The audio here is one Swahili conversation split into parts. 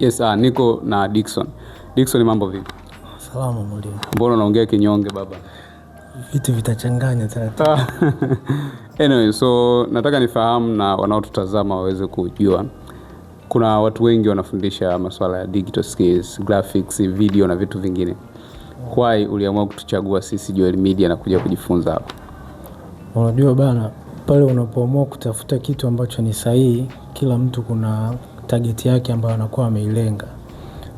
Yes, uh, niko na Dickson. Dickson, mambo vipi? Salama mwalimu. Mbona unaongea kinyonge baba? Vitu vitachanganya taratibu. Anyway, so nataka nifahamu na wanaotutazama waweze kujua kuna watu wengi wanafundisha masuala ya digital skills, graphics, video na vitu vingine. Why uliamua kutuchagua sisi Joel Media na kuja kujifunza hapa? Unajua bana, pale unapoamua kutafuta kitu ambacho ni sahihi, kila mtu kuna target yake ambayo anakuwa ameilenga.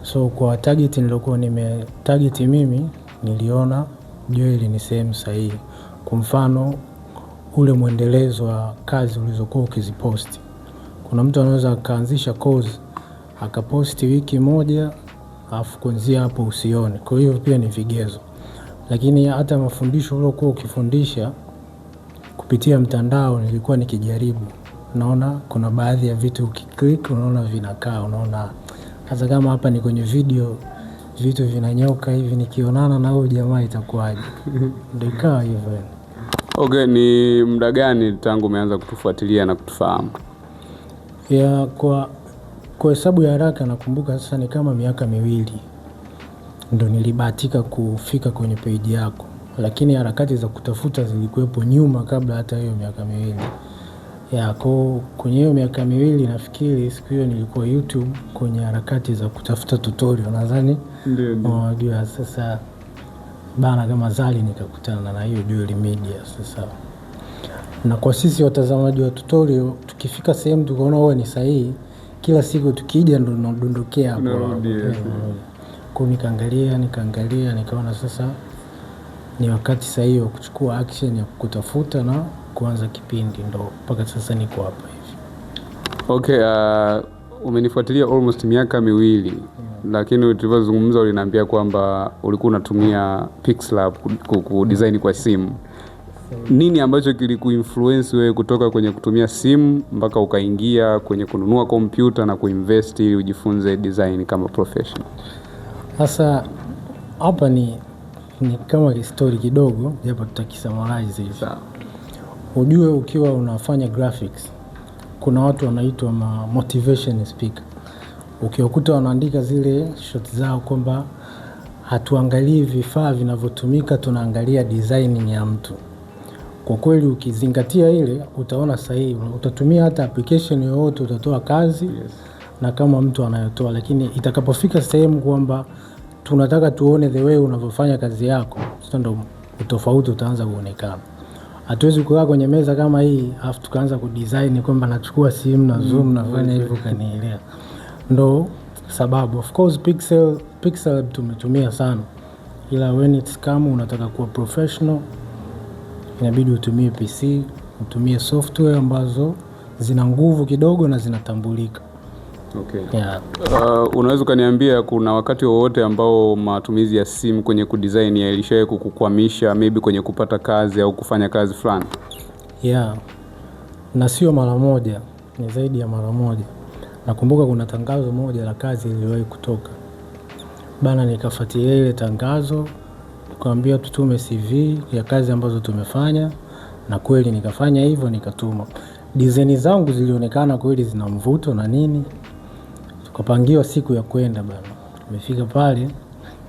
So kwa target nilikuwa nime target mimi niliona Joel ni sehemu sahihi. Kwa mfano ule mwendelezo wa kazi ulizokuwa ukiziposti, kuna mtu anaweza akaanzisha kozi akaposti wiki moja afu kuanzia hapo usione. Kwa hiyo pia ni vigezo, lakini hata mafundisho uliokuwa ukifundisha kupitia mtandao nilikuwa nikijaribu unaona kuna baadhi ya vitu ukiklik unaona vinakaa, unaona hata kama hapa ni kwenye video vitu vinanyoka hivi, nikionana na huyu jamaa itakuwaje? Ndio ikawa hivyo. Okay, ni muda gani tangu umeanza kutufuatilia na kutufahamu? Ya, kwa kwa hesabu ya haraka nakumbuka sasa ni kama miaka miwili ndo nilibahatika kufika kwenye peji yako, lakini harakati za kutafuta zilikuwepo nyuma kabla hata hiyo miaka miwili ya ko kwenye hiyo miaka miwili nafikiri siku hiyo nilikuwa YouTube kwenye harakati za kutafuta tutorial nadhani unajua sasa bana kama zali nikakutana na hiyo Duel Media sasa na kwa sisi watazamaji wa tutorial tukifika sehemu tukaona huwa ni sahihi kila siku tukija ndo tunadondokea hapo kwa nikaangalia nikaangalia nikaona sasa ni wakati sahihi wa kuchukua action ya kutafuta na kuanza kipindi ndo mpaka sasa niko hapa hivi. Okay, uh, umenifuatilia almost miaka miwili yeah. Lakini tulivyozungumza uliniambia kwamba ulikuwa unatumia PiXLab design kwa simu. Nini ambacho kilikuinfluence wewe kutoka kwenye kutumia simu mpaka ukaingia kwenye kununua kompyuta na kuinvest ili ujifunze design kama profession? Sasa hapa ni, ni kama story kidogo japo tutakisummarize hivi. Ujue ukiwa unafanya graphics, kuna watu wanaitwa ma motivation speaker. Ukiwakuta wanaandika zile shot zao kwamba hatuangalii vifaa vinavyotumika, tunaangalia design ya mtu. Kwa kweli ukizingatia ile, utaona sahihi. Utatumia hata application yoyote, utatoa kazi yes. na kama mtu anayotoa, lakini itakapofika sehemu kwamba tunataka tuone the way unavyofanya kazi yako, sasa ndo utofauti utaanza kuonekana hatuwezi kukaa kwenye meza kama hii afu tukaanza kudesign kwamba nachukua simu na zoom mm, nafanya mm. hivyo kanielea Ndo sababu of course pixel, pixel tumetumia sana, ila when it's come unataka kuwa professional inabidi utumie PC, utumie software ambazo zina nguvu kidogo na zinatambulika. Okay. Yeah. Uh, unaweza ukaniambia kuna wakati wowote ambao matumizi ya simu kwenye kudesign yalishawahi kukukwamisha maybe kwenye kupata kazi au kufanya kazi fulani? Yeah. Na sio mara moja, ni zaidi ya mara moja. Nakumbuka kuna tangazo moja la kazi liliwahi kutoka bana, nikafuatilia ile tangazo, tukaambia tutume CV ya kazi ambazo tumefanya, na kweli nikafanya hivyo, nikatuma. Design zangu zilionekana kweli zina mvuto na nini tukapangiwa siku ya kwenda bana. Tumefika pale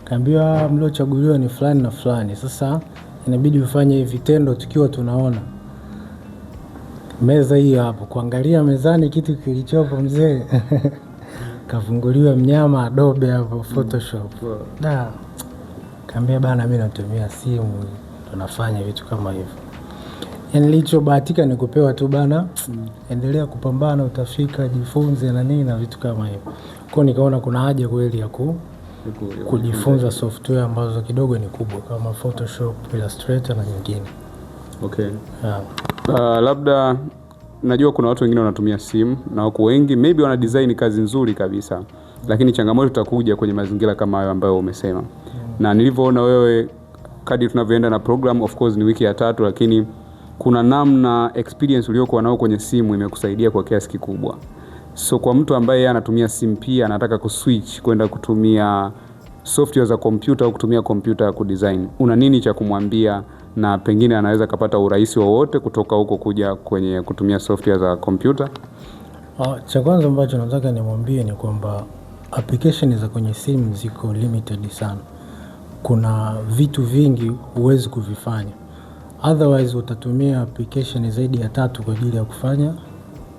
kaambiwa ah, mliochaguliwa ni fulani na fulani, sasa inabidi ufanye vitendo tukiwa tunaona meza hiyo hapo, kuangalia mezani kitu kilichopo mzee. Kafunguliwa mnyama Adobe hapo Photoshop, mm. da kaambia bana, mi natumia simu, tunafanya vitu kama hivyo. Yani nilichobahatika ni kupewa tu bana, mm. endelea kupambana, utafika, jifunze na nini na vitu kama hivyo. kwao nikaona kuna haja kweli ya ku kujifunza software ambazo kidogo ni kubwa kama Photoshop, Illustrator na nyingine. Okay. Yeah. Uh, labda najua kuna watu wengine wanatumia simu na wako wengi maybe wana design kazi nzuri kabisa, lakini changamoto itakuja kwenye mazingira kama hayo ambayo umesema. Mm. Na nilivyoona wewe, kadi tunavyoenda na program, of course ni wiki ya tatu, lakini kuna namna experience uliokuwa nao kwenye simu imekusaidia kwa kiasi kikubwa. So kwa mtu ambaye yeye anatumia simu pia anataka kuswitch kwenda kutumia software za kompyuta au kutumia kompyuta ya kudesign, una nini cha kumwambia? Na pengine anaweza kapata urahisi wowote kutoka huko kuja kwenye kutumia software za kompyuta. Ah, cha kwanza ambacho nataka nimwambie ni kwamba application za kwenye simu ziko limited sana. Kuna vitu vingi huwezi kuvifanya Otherwise utatumia application zaidi ya tatu kwa ajili ya kufanya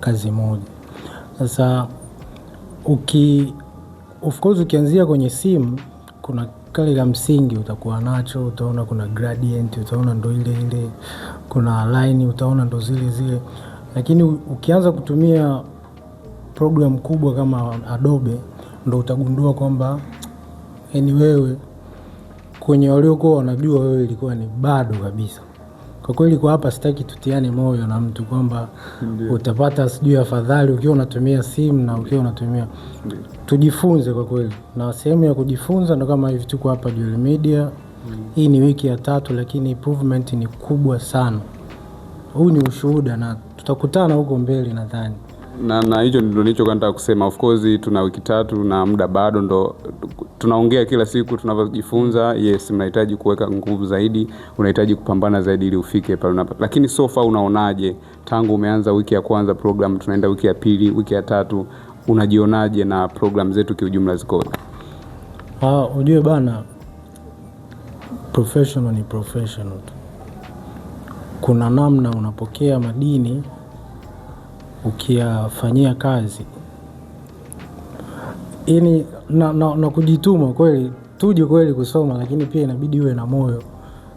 kazi moja. Sasa uki, of course ukianzia kwenye simu kuna kale la msingi utakuwa nacho, utaona kuna gradient, utaona ndo ile ile, kuna line utaona ndo zile zile, lakini ukianza kutumia program kubwa kama Adobe ndo utagundua kwamba yani wewe kwenye waliokuwa wanajua wewe ilikuwa ni bado kabisa. Kwa kweli kwa hapa sitaki tutiane moyo na mtu kwamba utapata sijui afadhali ukiwa unatumia simu na ukiwa unatumia Tujifunze kwa kweli, na sehemu ya kujifunza ndo kama hivi, tuko hapa Jewel Media. Hii ni wiki ya tatu, lakini improvement ni kubwa sana. Huu ni ushuhuda na tutakutana huko mbele nadhani na na hicho ndio nilichokuwa nataka kusema. Of course tuna wiki tatu na muda bado, ndo tunaongea kila siku tunavyojifunza. Yes, mnahitaji kuweka nguvu zaidi, unahitaji kupambana zaidi ili ufike pale unapo. Lakini so far unaonaje, tangu umeanza wiki ya kwanza program, tunaenda wiki ya pili, wiki ya tatu, unajionaje na program zetu kiujumla zikoje? Ah, unjue bana, professional ni professional Kuna namna unapokea madini ukiyafanyia kazi ini yaani, na, na, na kujituma kweli, tuje kweli kusoma, lakini pia inabidi uwe na moyo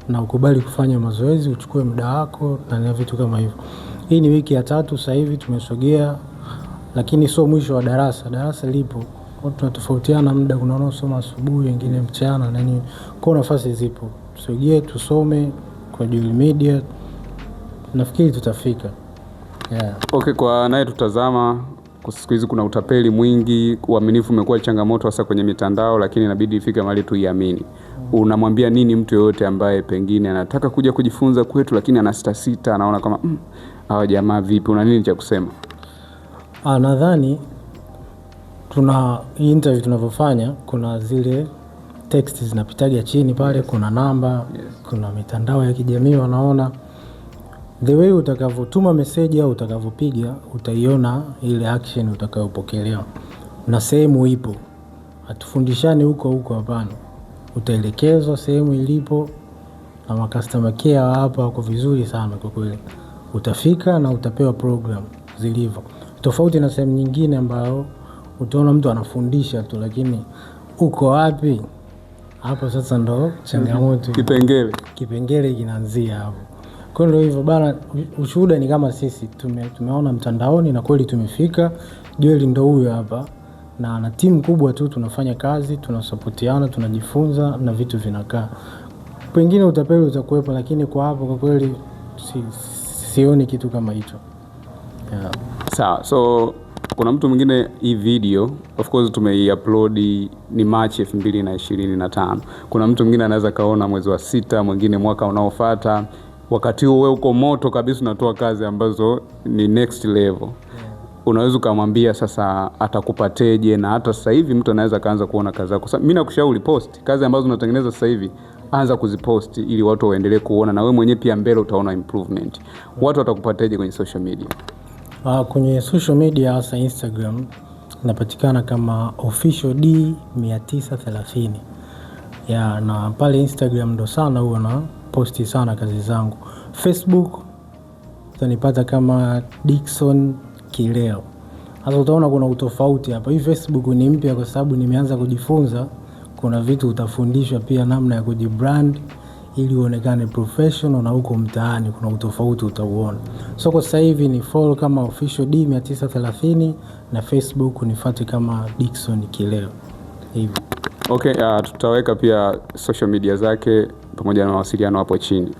na ukubali kufanya mazoezi, uchukue muda wako na vitu kama hivyo. Hii ni wiki ya tatu sasa hivi tumesogea, lakini sio mwisho wa darasa. Darasa lipo, tunatofautiana muda, kuna wanaosoma asubuhi, wengine mchana na nini, kwa nafasi zipo. Tusogee tusome kwa Juli Media, nafikiri tutafika yeah. Okay, kwa anayetutazama siku hizi kuna utapeli mwingi, uaminifu umekuwa changamoto hasa kwenye mitandao, lakini inabidi ifike mahali tuiamini. Unamwambia nini mtu yoyote ambaye pengine anataka kuja kujifunza kwetu, lakini anasitasita, anaona kama mm, hawa jamaa vipi? Una nini cha kusema? Ah, nadhani tuna interview tunavyofanya, kuna zile text zinapitaga chini pale, kuna namba yes. kuna mitandao ya kijamii wanaona the way utakavyotuma meseji au utakavyopiga utaiona ile action utakayopokelewa, na sehemu ipo, hatufundishani huko huko, hapana. Utaelekezwa sehemu ilipo na makastoma care wa hapa wako vizuri sana kwa kweli. Utafika na utapewa program zilivyo, tofauti na sehemu nyingine ambayo utaona mtu anafundisha tu, lakini uko wapi? Hapo sasa ndo changamoto, kipengele kipengele kinaanzia hapo. Kwa hiyo hivyo bana, ushuhuda ni kama sisi tume, tumeona mtandaoni na kweli tumefika. Joel ndo huyo hapa na na timu kubwa tu, tunafanya kazi, tunasapotiana, tunajifunza na vitu vinakaa. Pengine utapeli utakuwepo, lakini kwa hapo kwa kweli si, sioni kitu kama hicho yeah. Sawa, so kuna mtu mwingine hii video of course tumeiupload ni Machi 2025. Kuna mtu mwingine anaweza kaona mwezi wa sita, mwingine mwaka unaofuata wakati huo wewe uko moto kabisa, unatoa kazi ambazo ni next level unaweza ukamwambia sasa atakupateje, na hata sasa hivi mtu anaweza akaanza kuona kazi zako. Mimi nakushauri post kazi ambazo unatengeneza sasa hivi, anza kuziposti ili watu waendelee kuona, na wewe mwenyewe pia mbele utaona improvement. Watu watakupateje kwenye social media? Uh, kwenye social media hasa Instagram napatikana kama official d 930 ya na pale Instagram ndo sana huwa na posti sana kazi zangu. Facebook utanipata kama Dickson Kileo. Sasa utaona kuna utofauti hapa. Hii Facebook ni mpya kwa sababu nimeanza kujifunza, kuna vitu utafundishwa pia namna ya kujibrand ili uonekane professional na huko mtaani kuna utofauti utauona. So kwa sasa hivi ni follow kama official D 930 na Facebook nifuate kama Dickson Kileo. hivi. Okay, uh, tutaweka pia social media zake pamoja na mawasiliano hapo chini.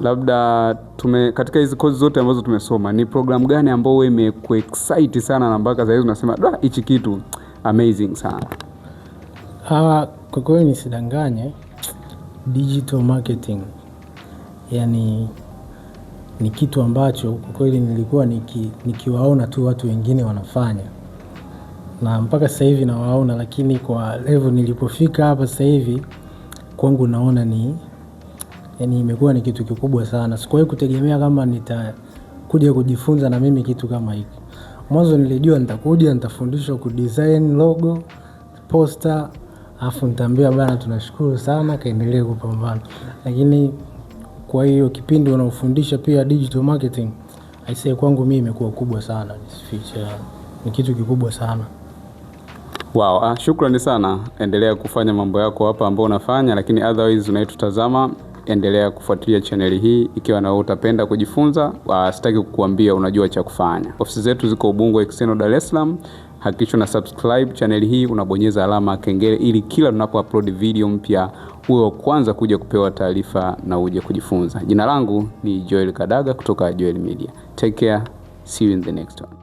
Labda tume katika hizi kozi zote ambazo tumesoma, ni programu gani ambayo wewe imekuexcite sana na mpaka sasa hivi unasema da, hichi kitu amazing sana? Ah, kwa kweli nisidanganye, digital marketing yani ni kitu ambacho kwa kweli nilikuwa niki, nikiwaona tu watu wengine wanafanya na mpaka sasa hivi nawaona, lakini kwa level nilipofika hapa sasa hivi kwangu naona ni yani, imekuwa ni kitu kikubwa sana. Sikuwahi kutegemea kama nitakuja kujifunza na mimi kitu kama hiki. Mwanzo nilijua nitakuja nitafundishwa kudesign logo, poster, afu nitaambiwa bana, tunashukuru sana, kaendelee kupambana. Lakini kwa hiyo kipindi wanaofundisha pia digital marketing, aisee, kwangu mimi imekuwa kubwa sana, ni kitu kikubwa sana. Wow, ah, shukrani sana. Endelea kufanya mambo yako hapa ambao unafanya, lakini otherwise unayetutazama endelea kufuatilia chaneli hii ikiwa na wewe utapenda kujifunza. Ah, sitaki kukuambia unajua cha kufanya. Ofisi zetu ziko Ubungo Exeno, Dar es Salaam. Hakikisha una subscribe chaneli hii, unabonyeza alama ya kengele ili kila tunapo upload video mpya uwe wa kwanza kuja kupewa taarifa na uje kujifunza. Jina langu ni Joel Kadaga kutoka Joel Media. Take care, see you in the next one.